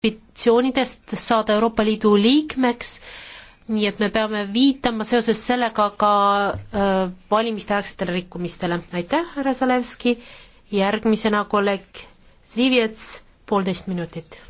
ambitsioonidest saada Euroopa Liidu liikmeks, nii et me peame viitama seoses sellega ka äh, valimiste-aegsetele rikkumistele. aitäh, härra Zalewski, järgmisena kolleeg Zivjets, poolteist minutit